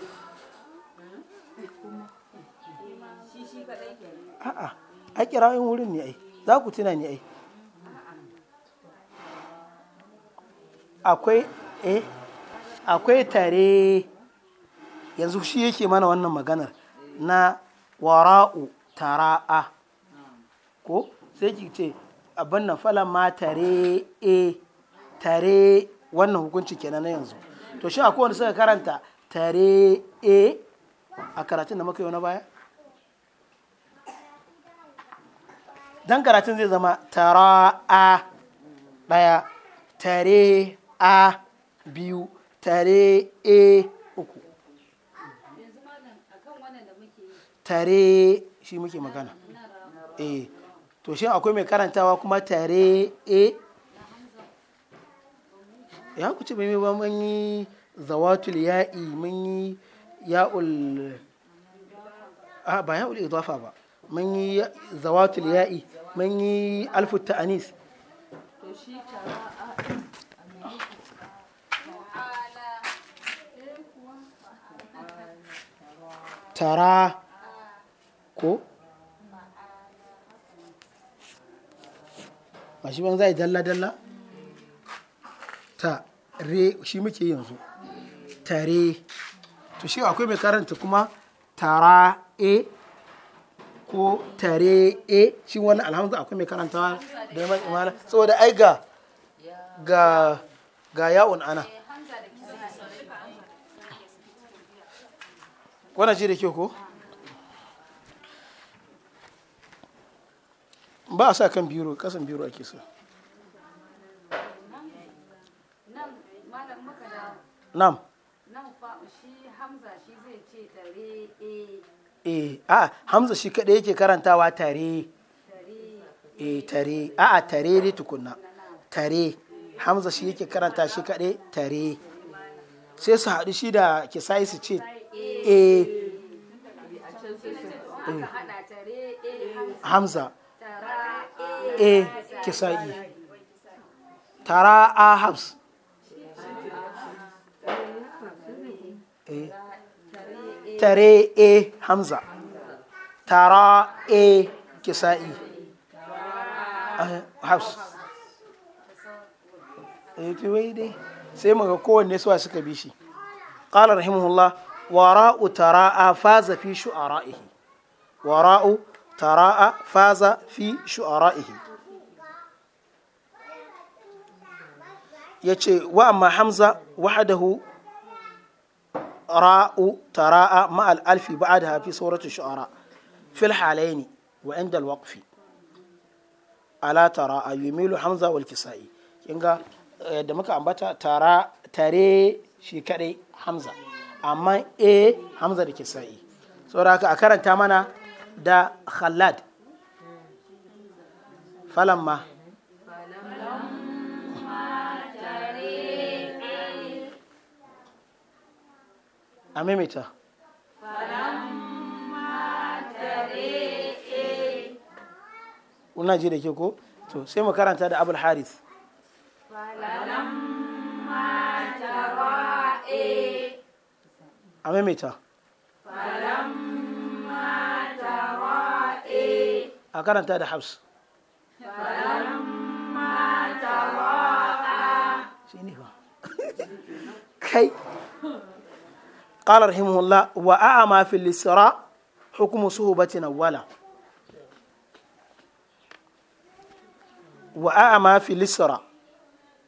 a kira yin wurin ne ai za ku tuna ne ai eh, akwai tare yanzu shi yake mana wannan maganar na wara'u tara'a ko sai ki ce abin falan ma tare e tare wannan hukunci kenan na yanzu to shi akwai wanda suka karanta tare e a karatun da muka yi na baya don karatun zai zama tara a daya tare a biyu tare e uku tare shi muke magana e to shi akwai mai karantawa kuma tare e ya ku ce bai ba mun yi zawatul ya'i mun yi ya'ul a ba ya'ul idafa ba mun yi zawatul ya'i mun yi alfu ta'anis tara ko ba shi ban zai dalla-dalla ta re shi muke yanzu tare to shi akwai mai karanta kuma tara e ko tare e shi wani alhamdu akwai mai karanta da mai imana saboda ai ga ga ga ana wannan shi da kyau ko ba a sa kan biro kasan biro ake sa nam nan shi hamza shi zai ce tare eh. Eh, a hamza shi kadai yake karantawa tare eh tare a a tare ne tukunna tare hamza shi yake karanta shi kadai tare sai su haɗu shi da sai su ce eh, eh. hamza eh kisai tara a hams Eh. tare e hamza tara e kisa'i eh, tuwai dai sai muka kowanne suwa suka bi shi ƙalar himmullah wara'u tara'a faza fi shu'ara'ihi wara'u tara'a faza fi shu'ara'ihi ce wa amma hamza wahadahu ra'u tara'a ma'al alfi da hafi suratu shu'ara fil halaini wa inda alwaqfi ala tara'a yumilu hamza wal kisai kinga da muka ambata tara tare shi kadai hamza amma a hamza da kisai saboda a karanta mana da khallad falamma a mimita. kuna ji da ke ko to sai mu karanta da abul haris a maimaita a karanta da hafs shi ne ba <laughs> kai قال رحمه الله وأعمى في الإسراء حكم صهبة أولا وأعمى في الإسراء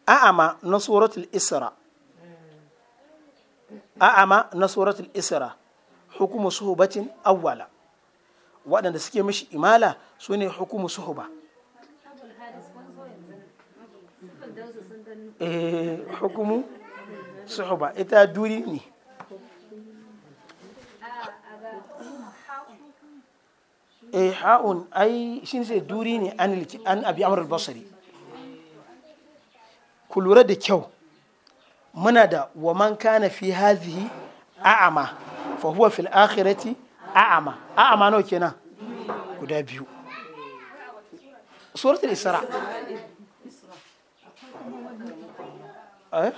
أعمى نصورة الإسراء أعمى نصورة الإسراء حكم صهبة أولا waɗanda suke mashi imala su ne hukumu suhuba hukumu suhuba ita duri ne eh ha'un ai shi sai duri ne an abi amr al-basri ku lura da kyau muna da wa man kana fi hazihi a'ama fa huwa fil akhirati a'ama a'ama nawa kenan guda biyu suratul isra eh?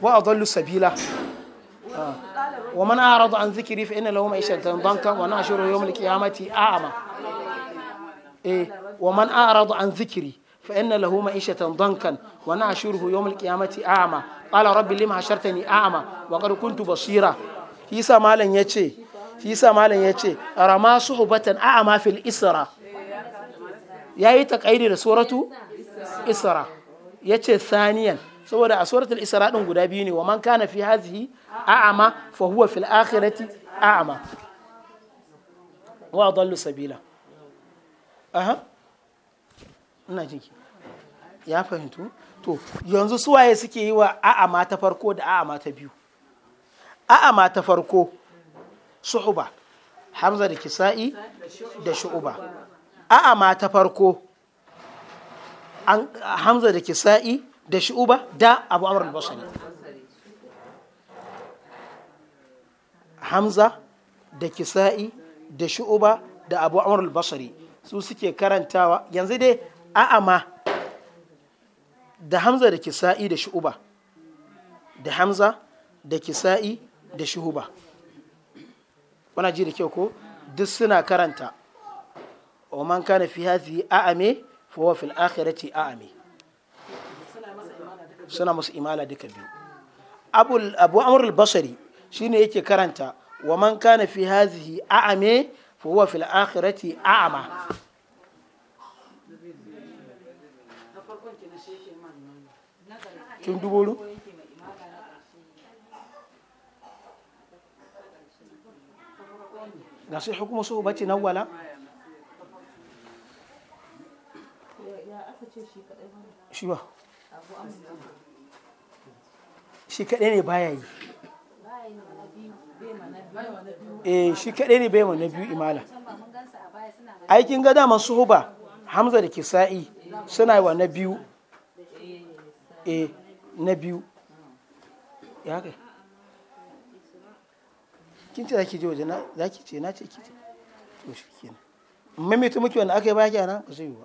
wa adallu sabila wa man arada an zikiri fa inna lahu ma'ishatan banka wa nahshuru yawm al-qiyamati a'ma eh wa man arada an zikiri fa inna lahu ma'ishatan wa yawm al-qiyamati a'ma qala rabbi lima hashartani a'ma wa qad kuntu basira yasa malam yace yasa malam yace rama suhbatan a'ma fil isra yayi takaidi da suratu isra yace saniyan saboda a suratul isra din guda biyu ne wa man kana fi hadhihi a'ama fa huwa fil akhirati a'ama wa adallu sabila aha ina jinki ya fahimtu to yanzu suwaye suke yi wa a'ama ta farko da a'ama ta biyu a'ama ta farko suhuba hamza da kisa'i da shu'uba a'ama ta farko hamza da kisa'i da shu'uba da abu amr al-basri hamza da kisa'i da shu'uba da abu amr al-basri su suke karantawa yanzu dai a'ama da hamza da kisa'i da shu'uba da hamza da kisa'i da shu'uba wana ji da kyau ko duk suna karanta wa man kana fi hadhihi a'ame fa huwa fil akhirati a'ame suna musu imala duka biyu abu amurul basari shine yake karanta wa man kana fi hazihi a'ame fa huwa fil akhirati a'ama kin ga sai bace wala shi ba shi kaɗai ne baya yi eh shi kaɗai ne baya wa na biyu imala aikin gada masu suhuba hamza da kisa'i suna wa na biyu eh, eh na biyu ya kai kin ce za ki je waje za ki ce na ce ki ce to shi kenan maimaita muke wanda aka yi ba kenan ba zai yi ba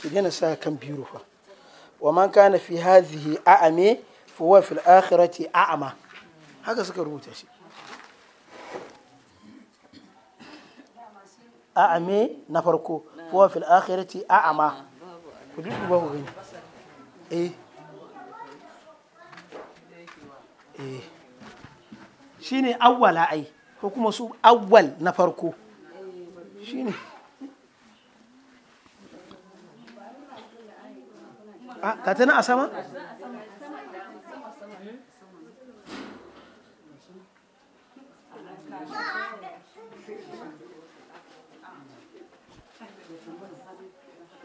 ki daina sa kan biyu fa wa man kana fi hadhihi a'ami fa huwa fil akhirati a'ma haka suka rubuta shi a'ami na farko fa huwa fil akhirati a'ma ku ba ku gani eh eh shine awwala ai ko kuma su awwal na farko shine Ah, ga ta a sama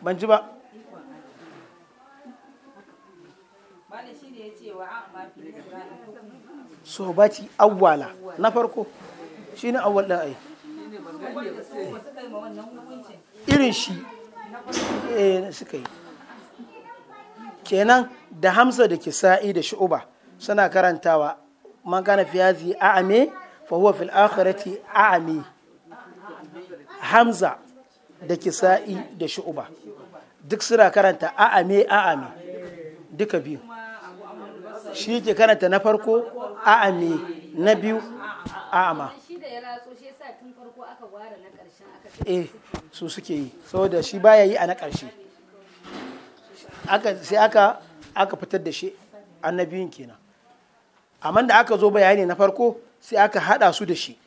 ban ji ba ci awwala na farko shi ne awwal ɗin ai irin shi eh, suka yi kenan da hamza da kisa'i da shu'uba suna karantawa man kana fi hadhihi a'ame fa huwa fil akhirati a'ami hamza da kisa'i da shu'uba duk suna karanta a'ame a'ame duka biyu shi ke karanta na farko a'ame na biyu a'ama eh su suke yi saboda shi baya yi a na ƙarshe sai aka aka fitar da shi annabiyin kenan amma da aka zo bayani na farko sai aka hada su da shi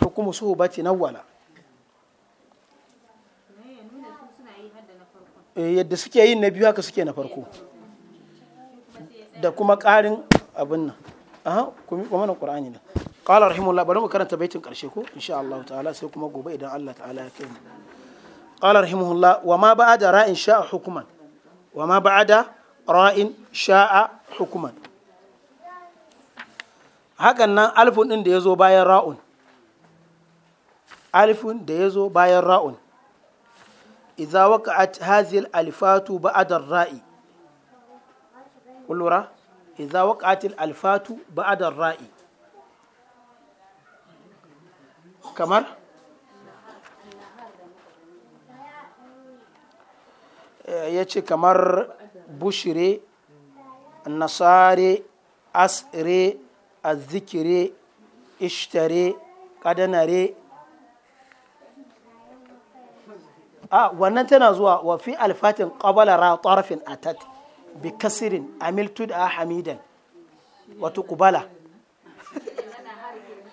ko kuma su ba ce nawala eh, yadda suke yin na biyu haka suke na farko da kuma ƙarin abin nan aha kuma na qur'ani ne qala rahimullah bari mu karanta baitin karshe ko insha Allah ta'ala sai kuma gobe idan Allah ta'ala ya kai mu qala rahimullah wa ma ba'da ra'in sha'a hukuman wa ma ba'ada ra'in sha'a hukuman hakan nan alifun din da ya zo bayan ra'un alifun da ya zo bayan ra'un idza waqa'at hazil alifatu ba'da ra'i kullura idza waqa'at alifatu ba'da ra'i kamar Eh, ya ce kamar bushire nasare asire azikire ishtare kadanare a wannan tana zuwa wa fi alfatin qabala ra tarfin atat bi kasirin amiltu da hamidan wato kubala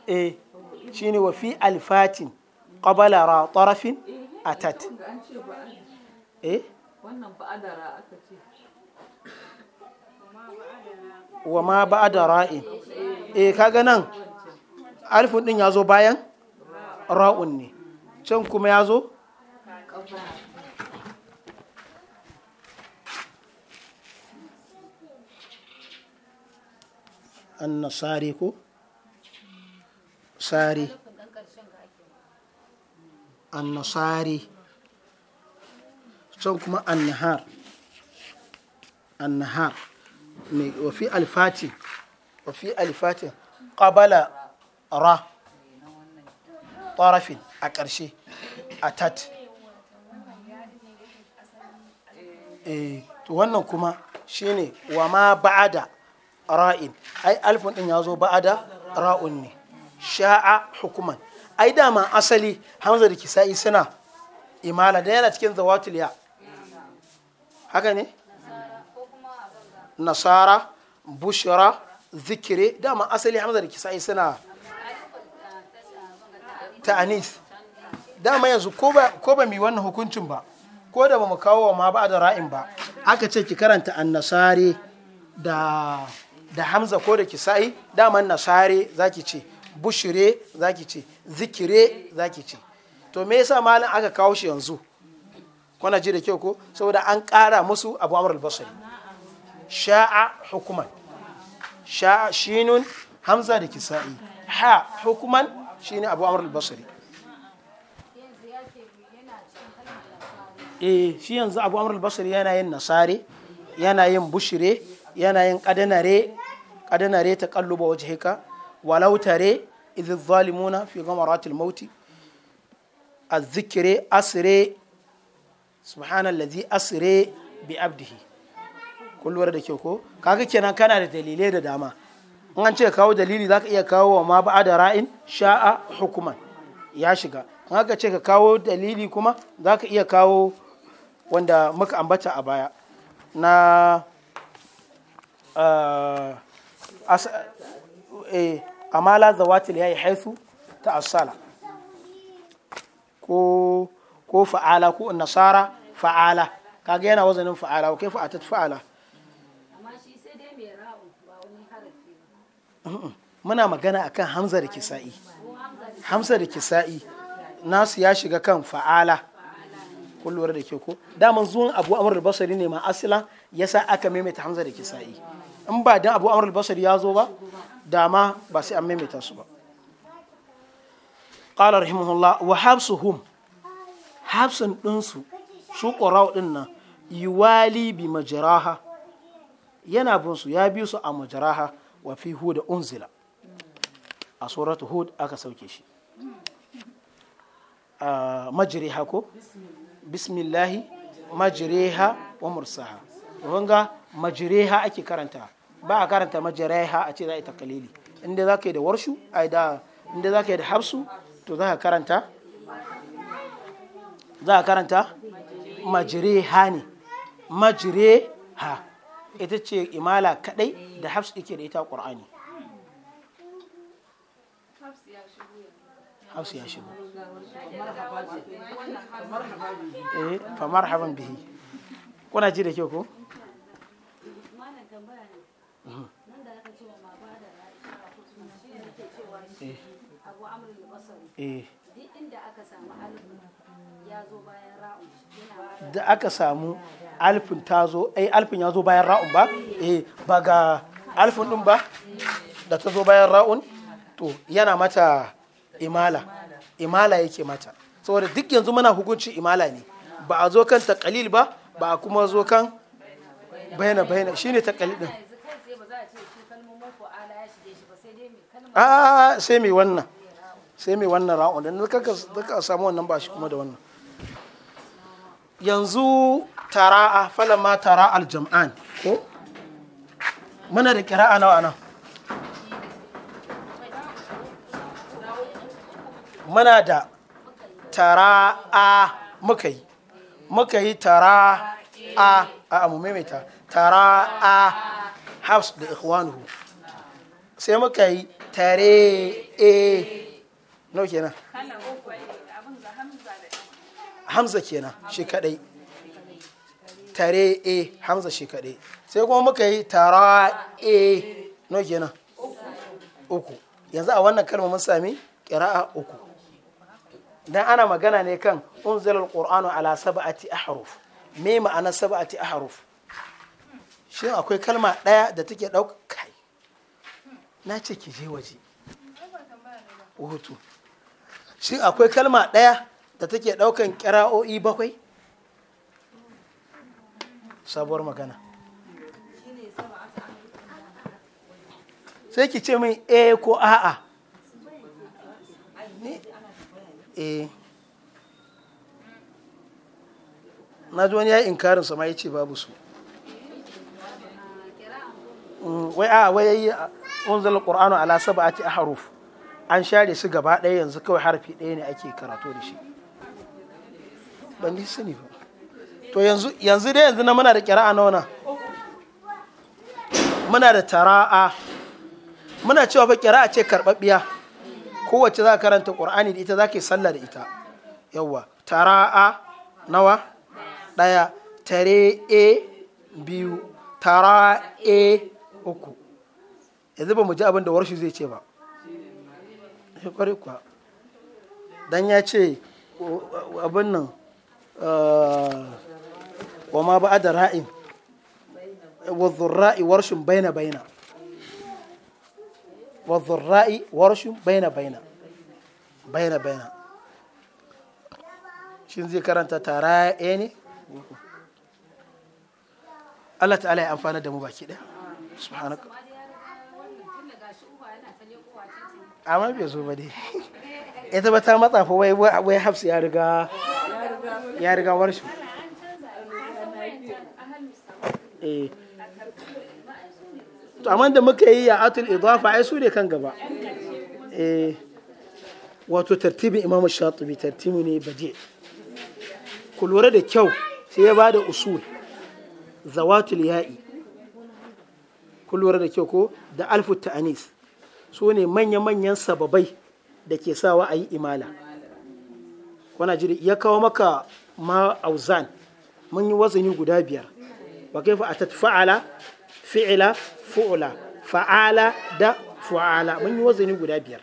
shi <laughs> eh, shine wa fi alfatin qabala ra tarfin atat eh wannan ba'adara aka ce wa ma ba'adara'in eh. eh kaga nan alifin din ya zo bayan ra'un ne can kuma ya zo anna sare ko sare anna sare can kuma annahar annahar ne wafi alfati wafi alfati qabala ra tarafin a ƙarshe a tat eh, wannan kuma shine wa ma ba'ada ra'in ai alfin din ya zo ba'ada ra'un ne sha'a hukuman ai dama asali hamza da kisa'i suna imala da yana cikin zawatul ya haka ne nasara bushira zikire dama asali hamza da kisa'i suna ta'anis dama yanzu ko ba mi wannan hukuncin ba ko da ba mu kawo ma ba da ra'in ba aka ce ki karanta annasare da da hamza ko da kisa'i daman nasare zaki ce bushire zaki ce zikire zaki ce to me yasa malam aka kawo shi yanzu kuna ji da kyau ko saboda an ƙara musu abu amr al sha'a hukuman sha'a shinun hamza da kisa'i ha hukuman shine abu amr al eh shi yanzu abu amr al-basri yana yin nasare yana yin bushire yana yin kadanare kadanare ta kalluba wajhika walau tare idh zalimuna fi ghamaratil mauti azzikre asre subhanallazi asire bi abdihi kullum da ke ko kaga kenan kana da dalilai da dama in an ce kawo dalili zaka iya kawo wa ma ba'a da ra'in sha'a hukuman ya shiga in aka ce ka kawo dalili kuma zaka iya kawo wanda muka ambata a baya na ah, eh, amala zawatil yi haisu ta asala ko ko fa'ala ko nasara fa'ala kaga yana wazanin fa'ala wa kaifa atat fa'ala muna magana akan hamza da kisa'i hamza da kisa'i nasu ya shiga kan fa'ala kun lura da ke ko daman zuwan abu amur basari ne ma asila ya sa aka maimaita hamza da kisa'i in ba dan abu amur basari ya zo ba dama ba sai an maimaita su ba qala rahimahullah wa habsuhum habsun dinsu su ƙorau ɗin nan walibi bi majaraha yana bin su ya bi su a majaraha wa fi da unzila a suratu hud aka sauke shi a majriha ko bismillahi majriha wa mursaha wanga majriha ake karanta ba a karanta majriha a ce za a yi takalili inda za ka yi da warshu a da inda za ka yi da hafsu to za ka karanta za a karanta majire ha ne majire ha ita ce imala kadai da hafs ike da ita qur'ani hafs ya shigo eh fa marhaban bihi kuna ji da kyau ko eh, eh. Abu Amr al-Basri. Eh. duk inda aka samu ya zo baya da aka samu alfin ta zo ai eh, alfin ya zo bayan ra'un ba eh ba ga alfin din ba da ta zo bayan ra'un to yana mata imala imala yake mata saboda duk yanzu muna hukunci imala ne ba a zo kan takalil ba ba a kuma zo kan bayana bayana shine takalil din a sai mai wannan sai mai wannan ra'un da ka samu wannan ba shi kuma da wannan yanzu tara'a falama tara aljam'an ko muna da kira'a nawa nan muna da tara'a muka yi muka yi tara'a a amu maimaita tara'a hafs da Ikhwanu sai muka yi tare e nau kenan hamza kenan shi kadai tare e hamza shi kadai sai kuma muka yi tara e no kenan uku yanzu a wannan kalma mun sami qira'a uku dan ana magana ne kan unzilal qur'anu ala sab'ati ahruf me ma'ana sab'ati ahruf shin akwai kalma daya da take ɗauka kai na ce ki je waje hutu shin akwai kalma daya. da take ɗaukan kira'o'i bakwai sabuwar magana sai ki ce mai e ko a'a e na ji wani ya inkarin sama ya ce babu su mm, wai a wai yayi unzal uh, qur'anu ala sab'ati ahruf an share su gaba ɗaya yanzu kawai harfi ɗaya ne ake karatu da shi ban yi sani ba to yanzu yanzu dai yanzu na muna da kira'a na wana muna da tara'a muna cewa fa kira'a ce karɓaɓɓiya kowace za ka karanta ƙur'ani da ita za ka yi sallah da ita yawwa tara'a nawa ɗaya tare a e, biyu tara a e, uku yanzu ba mu ji abin da warshi zai ce ba kwarai eh, kwa don ya ce abin nan wa ma ba da ra'in wa zurra'i warshin baina baina wa zurra'i warshin baina baina baina baina shin zai karanta tara ya ne Allah ta'ala ya amfana da mu baki ɗaya subhanaka amma bai zo ba dai ita ba ta matsa fa wai wai hafsu ya riga ya riga warshin eh. to amma da muka yi ya atul idafa ai su ne kan gaba eh wato tartibin imamu shatibi tartibi ne baje ku lura da kyau sai ya bada usul zawatul ya'i ku lura da kyau ko da alfu ta'anis su ne manya-manyan sababai da ke sawa ayi imala wana jiri ya kawo maka ma auzan mun yi wazani guda biyar ba kai fa'ala fa'ala fi'ila fu'ula fa'ala da fu'ala mun yi wazani guda biyar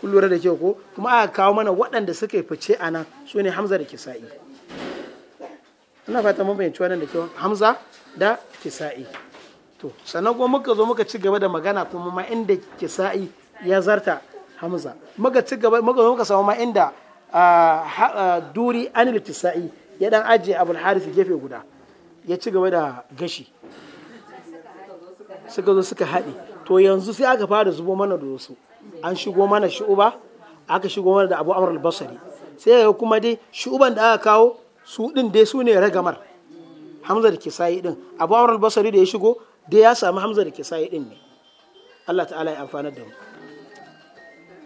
kun lura da kyau ko kuma aka kawo mana waɗanda suka fice a nan su ne hamza da kisa'i ina fata mun fahimci wannan da kyau hamza da kisa'i to sannan kuma muka zo muka ci gaba da magana kuma ma inda kisa'i ya zarta hamza muka ci gaba muka zo muka samu ma inda duri an tisa'i ya dan ajiye abul harith gefe guda ya ci gaba da gashi suka zo suka haɗe to yanzu sai aka fara zubo mana da wasu an shigo mana shu'uba aka shigo mana da abu amr al sai ya kuma dai shu'uban da aka kawo su din dai su ne ragamar hamza da kisayi din abu amr al da ya shigo dai ya samu hamza da kisayi din ne Allah ta'ala ya amfanar da mu